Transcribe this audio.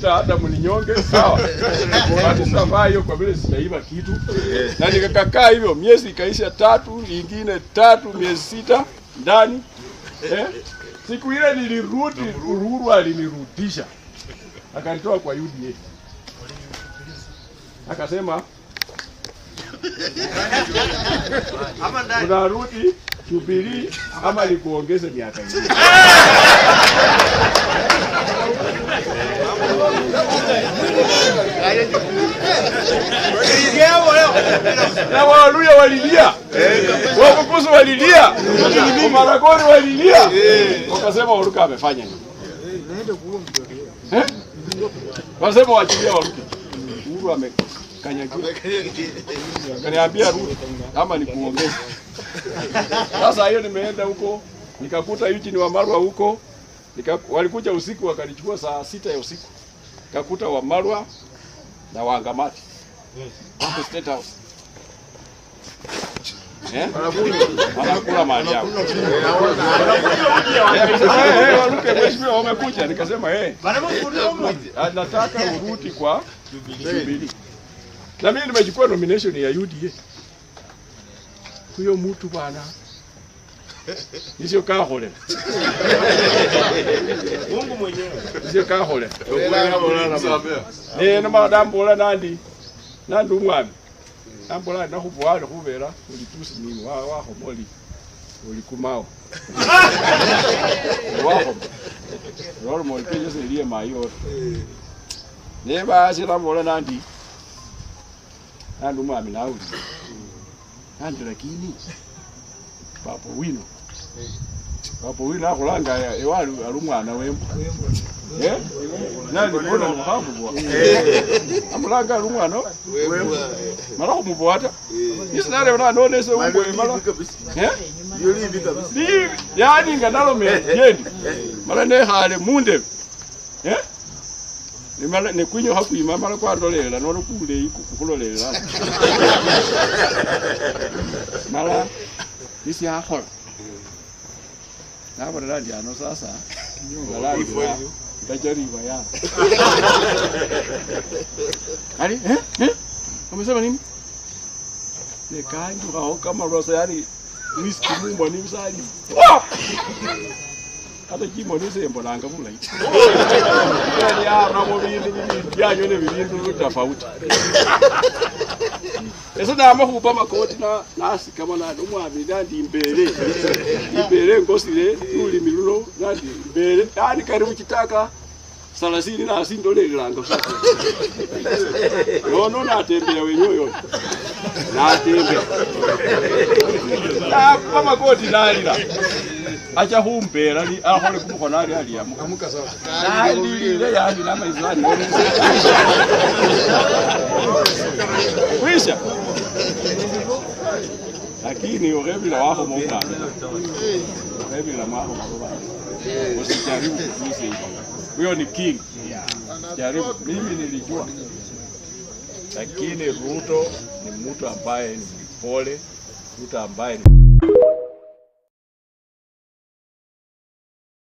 kuniita Adamu ni nyonge, sawa. Sitavaa hiyo kwa vile sitaiba kitu, na nikakaa hivyo miezi ikaisha tatu, nyingine tatu, miezi sita ndani eh? Siku ile nilirudi, Uhuru alinirudisha akanitoa kwa UDA akasema unarudi Jubilee ama nikuongeze miaka na Waluya walilia, Wabukusu walilia, Maragori walilia, wakasema Waluka amefanya nini? Eh? Wasema wachilia Waluke, Uhuru amekanyagiwa. Kaniambia rudi ama nikuongeze. Sasa hiyo nimeenda huko nikakuta Eugene Wamalwa huko nika, walikuja usiku wakanichukua saa sita ya usiku, nikakuta Wamalwa na Wangamati huko State House. Eh? wanakula mali yao. Waruke mheshimiwa, wamekuja. Nikasema eh. ah, nataka kwa Jubilee, na mimi nimechukua nomination ya UDA. Huyo mtu bwana Nisiokahole. Mungu mwenyewe. Nisiokahole. Ni eh, na nandi nambola nakhubwale khubela mulitusi nini wakhoma oli olikumawo wakhoma loloma olikenyesa eliye mayi ori nebasi nabola nandi nandi umwami nawulile nandi lakini papo wino eh papo wina akulanga ewalu alumwana wembu eh? nandikona muhamubwa eh. eh. amulanga alumwana mala khumubuwata isinale nanonese umbwele mala yani nga nalomele jendi mala nekhale mundebe nekwinyo khakwima mala kwalolelela nolo kuleyi kukulolelela mala isi akhola navariraryano sasa ngararira ndajariwa ya ali eh eh umesema nini nikanjuka ho kama rosa yani whisky mumbo ni msali hata chimo nisembolanga bulayi yani ana mubindu byanyu ne bibindu tofauti ese ndama hupa makoti na nasi kama na umwabira ndimbere engosile eh, tuli luno nati mbele yani kari muchitaka salasini na asindo le nasi ndolereranga yono natembera wenyoyo natembera napa ah, makoti nalila acha humbera khumpera akhole ah, kumukhono ali ali ya ya mukamuka sawa ndi na maizani wisha lakini urevila wako mungana urebila mwako mungana, usijaribu kufuzi hivyo. Huyo ni king, jaribu. Mimi nilijua, lakini Ruto ni mtu ambaye ni pole, mtu ambaye ni